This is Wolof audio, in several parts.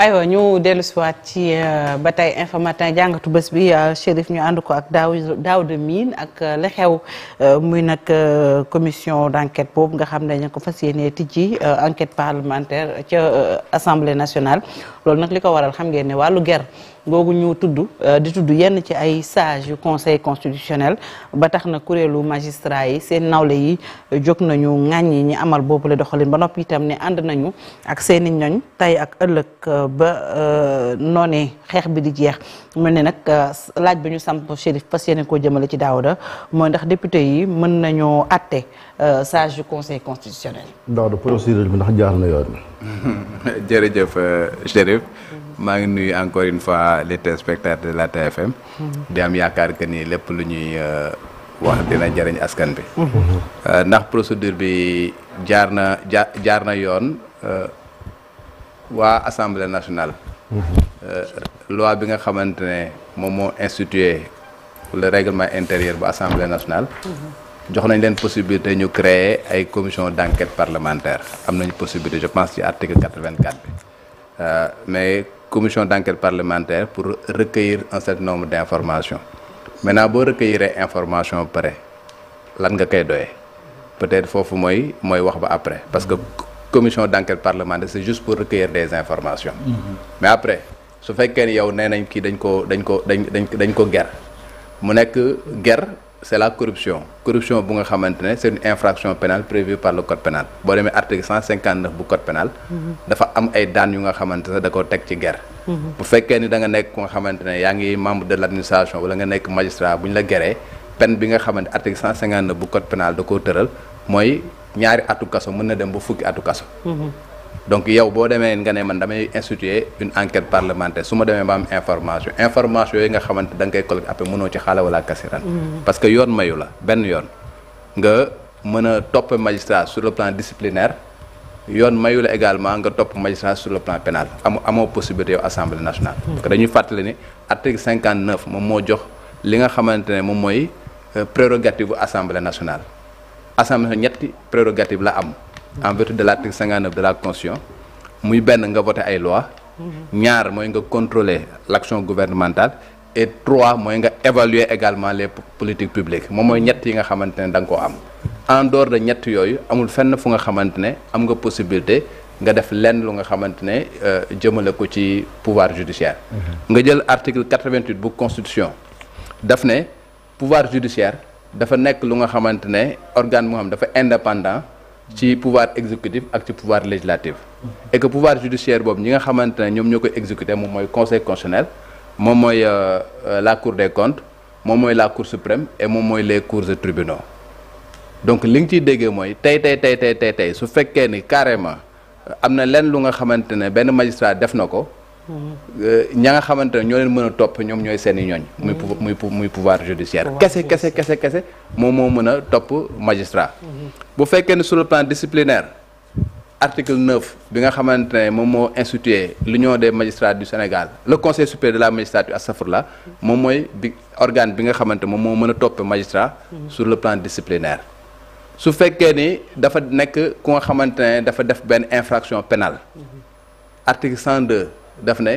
aywa ñu dellu si waat ci euh, ba tey info matin jàngatu bés bi euh, Chérif ñu ànd ko ak daaw daaw de miin ak euh, la muy nag commission d' enquête boobu nga xam ne ñu ko fas yéenee tijji enquête parlementaire ca assemblée nationale loolu nag li ko waral xam ngeen ne wàllu ger googu ñu tudd euh, di tudd yenn ci ay sages yu conseil constitutionnel ba tax na kuréelu magistrat yi seen nawle yi euh, jóg nañu ŋàññi ñi amal boobule doxalin ba noppi tam ne ànd nañu ak seeni ñoñ tey ak ëllëg euh, ba noonee xeex bi di jeex mel ne nag laaj bi ñu samp Chérif fas yéene koo jëmale ci Daouda mooy ndax député yi mën nañoo atte sage yu conseil constitutionnel. Daouda procédure bi ndax jaar na yoon. maa ngi nuyu encore une fois les téléspectateurs de la TFM. di am yaakaar que nii lépp lu ñuy euh, wax dina jariñ askan bi. Mm-hmm. Euh, ndax procédure bi jaar na jaar na yoon euh, waa assemblée nationale. Mm-hmm. loi bi nga xamante ne moom moo institué le règlement intérieur bu assemblée nationale. Mm-hmm. jox nañ leen possibilité ñu créer ay commission d' enquête parlementaire am nañu possibilité je pense ci article quatre vingt quatre bi mais commission d'enquête parlementaire pour recueillir un certain nombre d'informations maintenant boo recueillir information ba pare lan nga koy doyee peut-être foofu mooy mooy wax ba après parce que commission d'enquête parlementaire c'est juste pour recueillir des informations mm-hmm. mais après su fekkee ni yow nee nañ kii dañ ko dañ dañ dañ ko ger mu nekk ger c'est la corruption corruption bu nga xamante ne c'est une infraction pénale prévue par le code pénal boo demee article 159 bu code pénal mhm. dafa am ay daan yu nga xamante ne da ko teg ci ger mhm. bu fekkee ni da nga nekk ku nga xamante ne yaa ngi membre de l'administration wala nga nekk magistrat bu ñu la geree peine bi nga xamante article 159 bu code pénal da koo tëral mooy ñaari atu kaso mën na dem ba fukki atu kaso mhm. donc yow boo demee nga ne man damay instituer une enquête parlementaire su ma demee ba am information information yi nga xamante da nga koy collecté après mënoo ci xaala wala kasiran mm. parce que yoon mayu la benn yoon nga mën a topp magistrat sur le plan disciplinaire yoon mayu la également nga topp magistrat sur le plan pénal amu amoo possibilité yow assemblée nationale mm. parce que dañuy fàttali ni article 59 moom moo jox li nga xamante ne moom mooy euh, prérogative bu assemblée nationale assemblée ñetti prérogative la am en vertu de l'article 59 de la constitution muy benn nga voté ay loi ñaar mooy nga contrôler l'action gouvernementale et trois mooy nga évaluer également les politiques publiques moom mooy ñett yi nga xamante ne da nga am en dehors de ñett yooyu amul fenn fu nga xamante ne am nga possibilité nga def lenn lu nga xamante ne euh, jëmale ko ci pouvoir judiciaire mhm. nga jël article 88 bu constitution daf ne pouvoir judiciaire dafa nekk lu nga xamante ne organe moo xam dafa indépendant ci pouvoir exécutif ak ci pouvoir législatif et que pouvoir judiciaire boobu ñi nga xamante ne ñoom ñoo koy exécuté moom mooy conseil constitutionnel moom mooy euh, euh, la cour de comptes moom mooy la cour suprême et moom mooy les cours de tribunaux donc li nga ci déggee mooy tey tey tey tey tey tey su fekkee ni carrément am na lenn lu nga xamante ne benn magistrat def na ko ña nga xamante ne ñoo leen mën a topp ñoom ñooy seen i ñooñ. muy muy muy pouvoir judiciaire. kese kese kese kese moom moo mën a topp magistrat. Mm-hmm. bu fekkee ne sur le plan disciplinaire article neuf bi nga xamante ne moom moo institué l'union de magistrats du Sénégal le conseil supérieur de la magistrature astafurlah moom mooy organe bi nga xamante moom moo mën a topp magistrat. Mm-hmm. sur le plan disciplinaire. su fekkee ni dafa nekk ku nga xamante ne dafa def benn infraction pénale mm-hmm. daf ne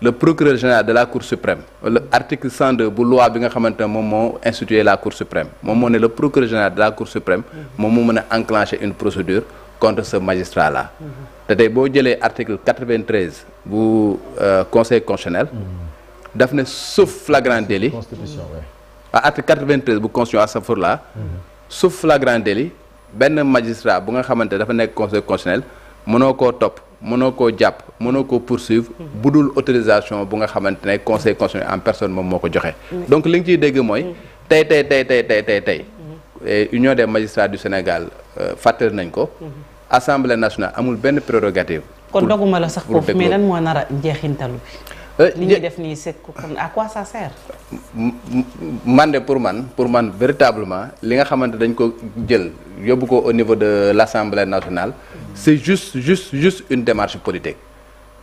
le procureur général de la cour suprême le article bu loi bi nga xamante ne moom moo institué la cour suprême moom moo ne le procureur général de la cour suprême moom moo mën a enclencher une procédure contre ce magistrat là te tey boo jëlee article 93 bu euh, conseil constitutionnel daf ne sauf flagrant délit constitution waaw ah, article 93 bu constitution asafur la sauf flagrant délit benn magistrat bu nga xamante dafa nekk conseil constitutionnel mënoo koo topp mënoo koo jàpp mënoo koo poursuivre mhm. bu dul autorisation bu nga xamante ne conseil constitutionnel en personne moom moo ko joxe. donc li nga ciy dégg mooy mhm. tey tey tey tey tey tey tey mhm. euh, union de magistrats du Sénégal euh, fàttali nañ ko. assemblée nationale amul benn prérogative. kon doguma la sax foofu mais lan moo nar a njeexintalu bi. Euh, li ñuy def nii c'est à quoi ça sert. man de pour man pour man véritablement li nga xamante dañ ko jël yóbbu ko au niveau de l'assemblée nationale. c'est juste juste juste une démarche politique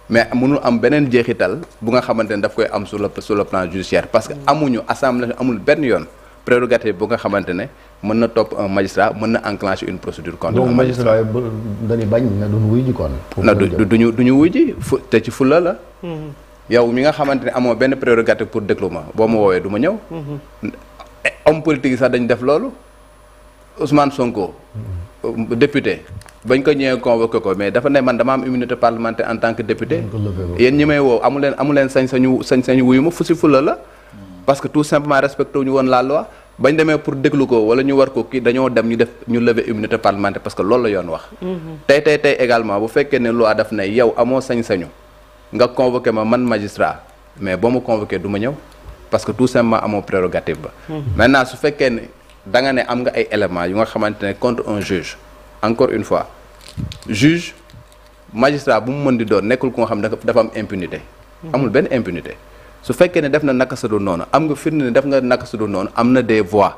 mais mënul am beneen jeexital bu nga xamante ne daf koy am sur le sur le plan judiciaire parce que amuñu assemblée amul benn yoon prérogative bu nga xamante ne mën na topp un magistrat mën na enclencher une procédure contre un magistrat donc dañuy bañ na duñ wuy mm-hmm. yow mi nga xamante ne amoo benn prérogative pour déglu ma boo ma woowee du ma ñëw. Mm-hmm. Eh, homme politique yi sax dañ def loolu Ousmane Sonko. Mm-hmm. député bañ ko ñëwee convoqué ko mais dafa ne man dama am immunité parlementaire en tant que député yéen ñi may woo amu leen sañ sañu wuyu ma fu si fula la parce que tout simplement respecté ñu woon la loi bañ demee pour déglu ko wala ñu war ko kii dañoo dem ñu def ñu lever immunité parlementaire parce que loolu la yoon wax mhm. tey tey tey également bu fekkee ne loi daf ne yow amoo sañ-sañu nga convoqué ma man magistrat mais ba mhm. maintenant su da nga ne am nga ay éléments yu nga xamante ne contre un juge encore une fois juge magistrat bu mu mën di doon nekkul ku nga xam ne dafa am impunité. amul benn impunité su fekkee ne def na naka sa du noonu am nga firnde ne def nga naka sa du noonu am na des voies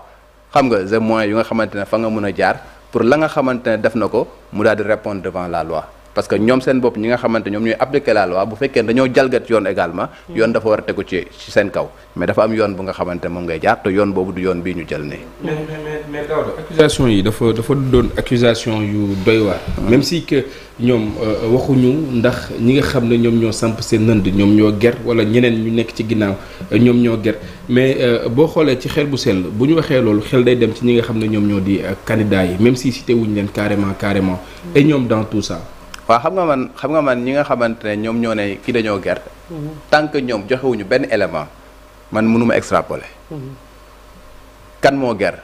xam nga des moyens yu nga xamante ne fa nga mën a jaar pour la nga xamante ne def na ko mu daal di répondre devant la loi. parce que ñoom seen bopp ñi nga xamante ñoom ñooy appliquer la loi bu fekkee dañoo jalgat yoon également yoon dafa war a tegu ci seen kaw mais dafa am yoon bu nga xamante moom ngay jaar te yoon boobu du yoon bii ñu jël nii mais mais Daouda yi dafa dafa doon accusation yu doy waar même si ñoom euh, waxuñu ndax ñi nga xam ne ñoom ñoo samp seen nënd ñoom ñoo ger wala ñeneen ñu nekk ci ginnaaw euh, ñoom ñoo ger mais euh, boo xoolee ci xel bu sell bu ñu waxee loolu xel day dem ci ñi nga xam ne ñoom ñoo di candidats yi même si cité wuñu leen carrément carrément ñoom dans tout ça waa xam nga man xam nga man ñi nga xamante ne ñoom ñoo ne kii dañoo gerte. Mm-hmm. tant que ñoom joxewuñu benn élément man mënuma extrapoler. Mm-hmm. kan moo ger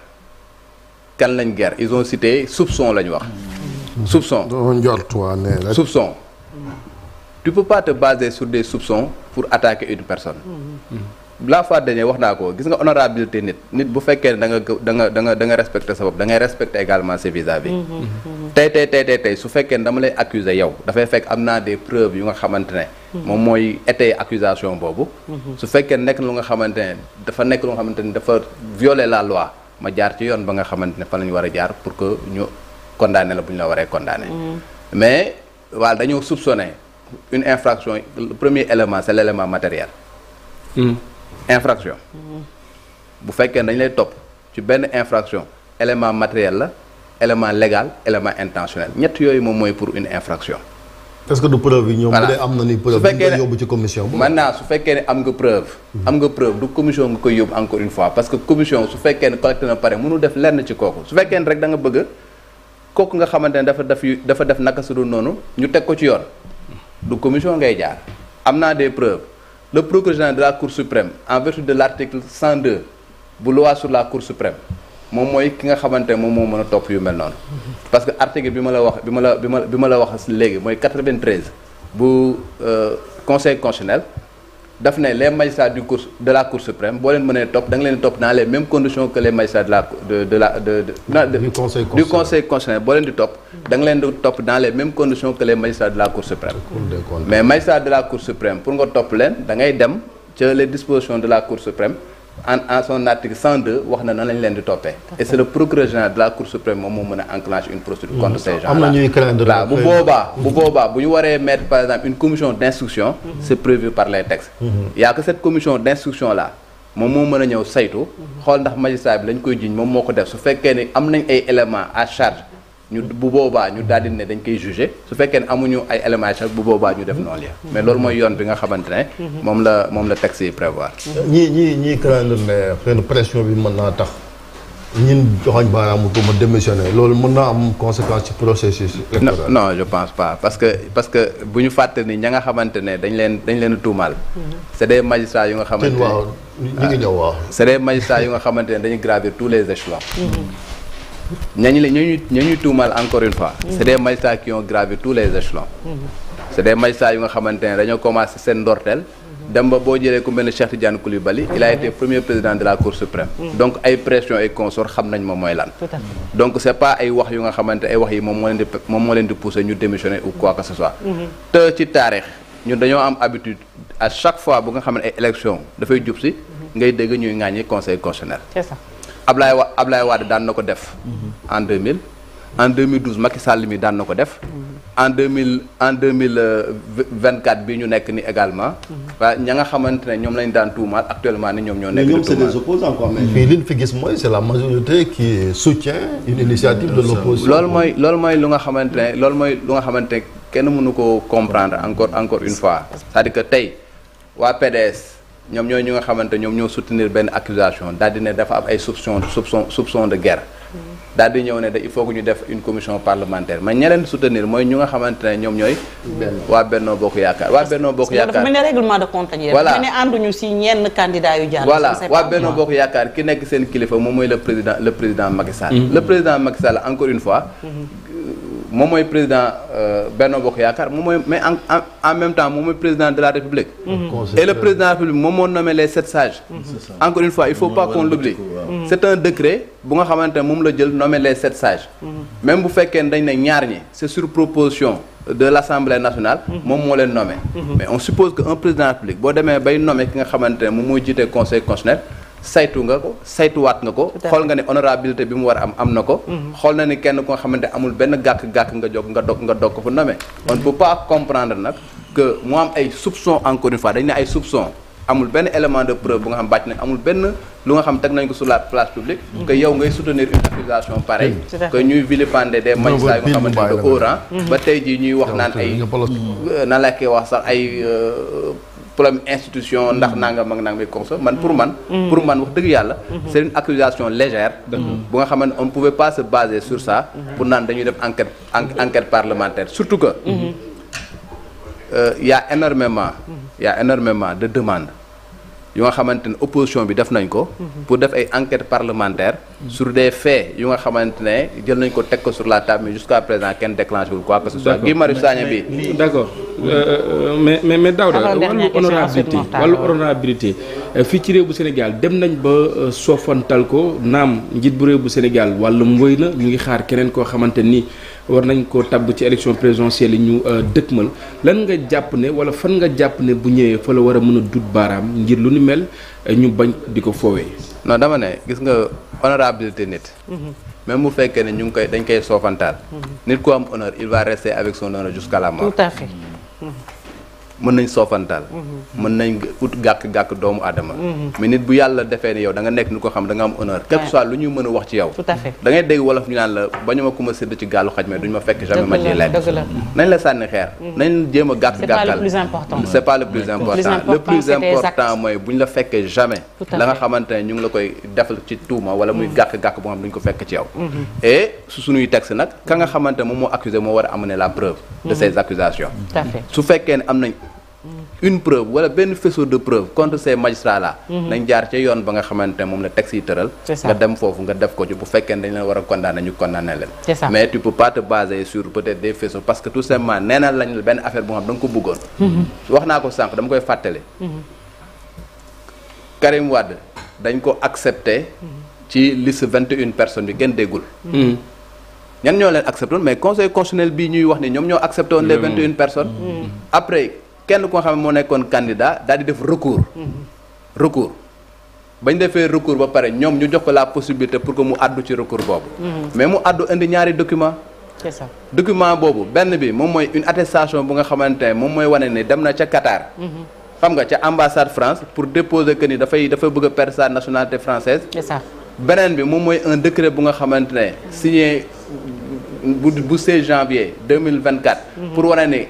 kan lañ ger ils ont cité soupçon lañ wax. Mm-hmm. soupçon doo njortuwaane soupçon tu peux pas te baser sur des soupçons pour attaque une personne. la fois dernier wax naa ko gis nga honorabilité nit nit bu fekkee ne da nga da nga da nga da nga respecté sa bopp da ngay également ses vis vis tey tey tey tey tey su fekkee ne dama lay accuser yow dafay fekk am naa de preuves yu nga xamante ne mm-hmm. moom mooy étayer accusation boobu mm-hmm. su fekkee nekk lu nga xamante ne dafa nekk lu nga xamante ne dafa violer la loi ma jaar ci yoon ba nga xamante ne fa la ñu war a jaar pour que ñu condamné la bu ñu la waree condamné mm-hmm. mais waaw dañoo soupçonné une infraction premier élément c'est l'élément matériel infraction bu fekkee dañ lay topp ci benn infraction élément matériel la élément légal élément intentionnel ñett yooyu moom mooy pour une infraction. est-ce que du preuve yi ñoom. bu dee am na ni preuve dañ koy yóbbu ci commission. maintenant su fekkee ne am nga preuve. Mhm. am nga preuve du commission nga koy yóbbu encore une fois parce que commission su fekkee ne collecté na pare mënul def lenn ci kooku su fekkee ne rek da bëgg kooku nga xamante ne dafa def dafa def naka su dul noonu ñu teg ko ci yoon du commission ngay jaar am naa des preuves. le procureur général de la cour suprême en vertu de l'article 102 bu loi su la cour suprême moom mooy ki nga xamante ne moom moo mën a topp yu mel noonu parce que article bi ma la wax bi ma la bi ma bi ma la wax léegi mooy 93 bu euh, conseil constitutionnel daf ne les magistrats du cour de la cour suprême boo leen mënee topp da nga leen topp dans les mêmes conditions que les magistrats de la de de la de de. du conseil conseil boo leen di topp. da leen di topp dans les mêmes conditions que les magistrats de la cour suprême. mais magistrats de la cour suprême pour nga topp leen da dem ca les dispositions de la cour suprême. en en son article 102 wax na nan lañ leen di toppee. et c' est procureur général de la cour suprême moom moo mën a enclencher une procédure contre ces gens bu boobaa mm-hmm. bu boobaa bu ñu waree mettre par exemple une commission d' instruction. Mm-hmm. c' est prévu par les textes. Mm-hmm. y' a que cette commission d' instruction moom moo mën a ñëw saytu. xool ndax magistrat bi lañ koy jiiñ moom moo ko def su fekkee ni am nañ ay éléments à charge. ñu bu boobaa ñu daal di ne dañ koy jugé su fekkee ne amuñu ay éléments yi bu boobaa ñu def mm-hmm. noonu ya mais loolu mooy yoon bi nga xamante ne. Mm-hmm. moom la moom la yi prévoir. ñii ñii ñii craindre ne xëy pression bi mën naa tax ñun joxoñ baaraamu ko ma démissionné loolu mën naa am conséquence ci processus. électoral non je pense pas parce que parce que bu ñu fàtte ni ña nga xamante ne dañ leen dañ leen tuumaal. Mm-hmm. c'est des magistrats yu nga. xamante ne ñu ngi ñëw waaw. c'est des magistrats yu nga xamante ne dañu gravir tous les échelons. ñañu la ñañu ñañu tuumal encore une fois. Mm-hmm. c' est des magistrats qui ont gravi tous les échelons. Mm-hmm. c' est des yu nga xamante ne dañoo commencé seen ndorteel. Mm-hmm. dem ba boo jëlee ku mel ne Cheikh Tidiane Koulibaly il a été premier président de la cour suprême donc ay pression ay consort xam nañ moom mooy lan donc c' pas ay wax yu nga xamante ay wax yi moom moo leen di moom ñu démissionner ou quoi que ce soit te ci taarix ñun dañoo am habitude à Ablaye wa Ablaye Wade daan na ko def. Mhm. en 2000 en 2012 Macky Sall mi daan na ko def. Mhm. en 2000 en 2024 euh, bi ñu nekk ni également. Mhm. waaw ña nga xamante ne ñoom lañ daan tuumaal actuellement ni ñoom ñoo nekk. mais ñoom c'est fii li ñu fi gis mooy c'est la majorité qui soutient une mm-hmm. initiative de l'opposition. loolu mooy lool mooy lu nga xamante ne loolu mooy lu nga xamante kenn mënu ko comprendre encore encore une fois cest à que tey waa PDS. ñoom ñooy ñi nga xamante ñoom ñoo soutenir benn accusation daal di ne dafa am ay soupçon soupçon soupçon de guerre mm-hmm. daal ñëw ne da il faut que ñu def une commission parlementaire mais ña soutenir mooy ñu nga xamante ne ñoom ñooy waa Benno Bokk Yaakaar waa Benno Bokk Yaakaar dafa ne règlement de compte lañu waa Benno Bokk Yaakaar ki nekk seen kilifa moom mooy le président le président Macky Sall mm-hmm. président Macky encore une fois mm-hmm. moom mooy président euh, Benno Bokk Yaakaar moom mooy mais en en même temps moom mooy président de la République. Mm-hmm. et le président République moom moo nommé les sept sages. Mm-hmm. encore une fois il faut pas qu'on l'oublie. Mm-hmm. c'est un bu nga xamante moom la jël nommé les sept sages. même bu fekkee dañ ne ñaar ñi c'est sur proposition de l'Assemblée nationale. moom moo leen nommé. mais on suppose que un président République boo demee bay nommé ki nga xamante moom mooy saytu nga ko saytuwaat nga ko xool nga ne honorabilité bi mu war a am am na ko mhm. xool na ni kenn ko nga xamante amul benn gàkk-gàkk nga jóg nga dog nga dog ko fu namee mhm. on ne peut pas comprendre nag que mu am ay soupçon encore une fois dañ ne ay soupçon amul benn élément de preuve bu nga xam bàcc nañ amul benn lu nga xam teg nañ ko sur la place publique mhm. que yow ngay soutenir une accusation pareille que ñuy vilipender des magistrats yu nga xamante de haut ba tey jii ñuy wax problème institution ndax mm. nangam ak nangam conso man pour mm. man mm. pour man wax dëgg yàlla mm-hmm. c'est une accusation légère mm-hmm. bu nga xamante on ne pas se baser sur ça mm-hmm. pour naan dañuy def enquête enquête parlementaire surtout que il euh, a énormément il a énormément de demandes yu nga xamante ne opposition bi def nañ ko. Mhm. pour def ay enquêtes parlementaires. Mhm. sur des faits yu nga xamante ne jël nañ ko teg ko sur la table mais jusqu'à présent kenn déclenché wul quoi que ce soit. Guy Marius Sagna bi d' accord euh, euh, euh, mais mais mais Daouda. wàllu honorabilité wàllu honorabilité. Euh, fii ci réew bu Sénégal dem nañ ba euh, soofantal ko naam njiit bu réew bu Sénégal wàllum wëy na ñu ngi xaar keneen koo xamante ni war nañ ko tabb ci élection présidentielle yi ñu euh, dëkkmal lan nga jàpp ne wala fan nga jàpp ne bu ñëwee fa la war a mën a dut baaraam ngir lu ni mel ñu bañ di ko foowee. non dama ne gis nga honorabilité nit. Mhm. même bu fekkee ne ñu ngi koy dañ koy soofantaal. Mhm. nit ku am honneur il va rester avec son honneur jusqu'à la mort. tout mën nañ soofantal mhm. mën nañ ut gàkk-gàkk doomu aadama mhm. mais nit bu yàlla defee ne yow da nekk ni ko xam da am honneur quel soit lu ñuy mën a wax ci yow tout dégg wolof ñu naan la bañu ma ku ci gaalu xaj mais duñu ma fekk jamais ma ciy la sànni xeer mhm. nañ jéem a gàkk-gàkkal c'est pas le plus important le plus important mooy bu ñu la fekkee jamais la nga xamante ñu ngi la koy defal ci tuuma wala muy gàkk-gàkk boo nga xamante moom moo accusé moo a une preuve wala benn faisceau de preuve contre ces magistrats là. Mhm. nañ jaar ca yoon ba nga xamante ne moom la texte yi tëral. nga dem foofu nga def ko ci bu fekkee dañ leen war a condamné ñu mais tu peux pas te peut-être des faisceaux parce que tout simplement nee na la benn affaire boo xam da ko bëggoon. Mhm. wax naa ko sànq dama koy fàttali. Mhm. Karim Wade dañ ko accepté. ci liste vingt une personnes bi kenn déggul. ñan ñoo leen accepté kenn koo xam ne moo nekkoon candidat daal di def recours. recours bañ defee recours ba pare ñoom ñu jox ko la possibilité pour que mu àddu ci recours boobu. Mhm. mais mu àddu indi ñaari document c'est ça document boobu benn bi moom mooy une attestation bu nga xamante ne moom mooy wane ne dem na ca Qatar. Mhm. xam nga ca ambassade France pour déposer que ni dafay dafa bëgg a perdre nationalité française. beneen bi moom mooy un décret bu nga xamante ne signé. bu bu 16 janvier 2024. Mhm. pour wane ne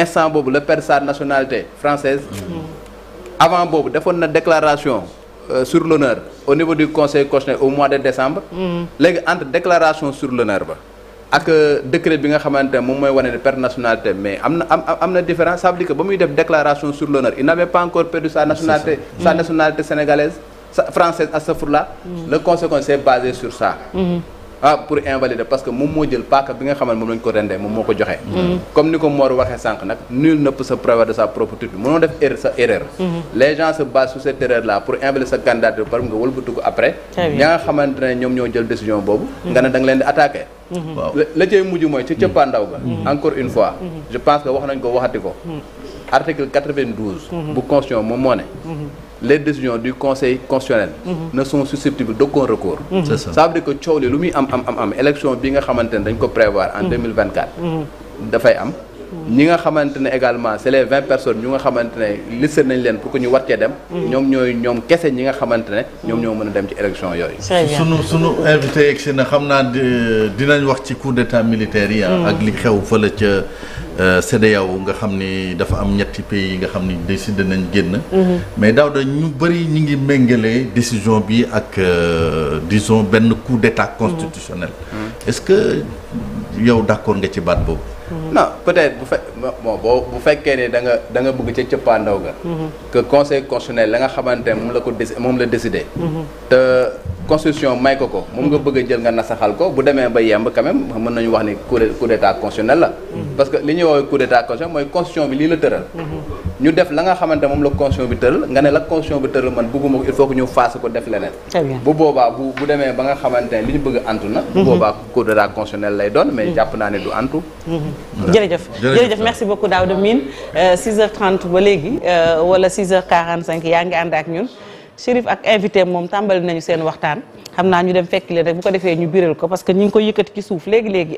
instant boobu la perd sa nationalité française mhm. avant boobu defoon na déclaration euh, sur l'honneur au niveau du conseil constitutionnel au mois de décembre. Mhm. léegi entre déclaration sur l'honneur ba. ak euh, décret bi nga xamante ne moom mooy wane ne perte nationalité mais am na am am na différence ça veut dire que ba muy def déclaration sur l'honneur il n'avait pas encore perdu sa nationalité sa nationalité sénégalaise sa française astafurlah le conseil s'est ah pour invalider parce que moom moo jël paaka bi nga xam moom lañ ko rendee moom moo ko joxe. Mm-hmm. Mm-hmm. comme ni ko Mor waxee sànq nag nul ne peut se de sa propre tuute mënoo def erreur sa erreur. Mm-hmm. les gens se basent sur pour invalider sa candidature par nga wëlbatu ko après. ña nga xamante ne ñoom ñoo jël décision boobu. nga ne da leen di attaqué. la cay mujj mooy ci cëppaandaw ga. encore une fois. je pense que wax nañ ko waxati ko. article 92 bu constitution moom moo ne les décisions du conseil constitutionnel ne susceptibles d'aucun recours c'est ça ça coow li lu muy am am am am bi nga xamante ne dañ ko prévoir en 2024 mm. mm. dafay am ñi nga xamante ne également c'est les vingt personnes ñu nga xamante ne liste nañ leen pour que ñu war cee dem. Mm. ñoom ñooy ñoom kese ñi nga xamante ne. ñoom ñoo mën a dem ci élection yooyu. sunu sunu invité yegg si na xam naa dinañ wax ci coup d'état militaire yi. Mm. ak li xew fële ca euh, CEDEAO nga xam ni dafa am ñetti pays yi nga xam ni décidé nañ génn. Mm-hmm. mais daaw da ñu bëri ñu ngi méngale décision bi ak euh, dison benn coup d'état constitutionnel. Mm. est-ce que yow d'accord nga ci baat boobu. non peut-être bu fe bon fekkee ne da nga bëgg ca cëppaandaw ga mhm. que conseil constitutionnel la nga xamante moom la ko dési moom la décidé. Mhm. te constitution may ko ko moom nga bëgg a jël nga nasaxal ko bu demee ba yemb quand même mën nañu wax ni coup d'état constitutionnel la. Mhm. parce que li ñuy woowee coup d'état constitutionnel mooy constitution bi lii la tëral. ñu def la nga xamante moom la constitution bi tëral nga ne la constitution bi tëral man bëgguma ko il faut que ñu faase ko def leneen bu boobaa bu bu demee ba nga xamante ne li ñu bëgg antu na bu mhm. boobaa cour de la constitutionnelle lay doon mais mhm. jàpp naa ne du antu mhm. jërëjëf jërëjëf merci beaucoup Daouda Mine 6h30 euh, ba léegi euh, wala 6h45 yaa ngi ànd ñun Chérif ak invité moom tàmbali nañu seen waxtaan xam naa ñu dem fekk leen rek bu ko defee ñu biral ko parce ñu ngi yëkkati ci suuf léegi léegi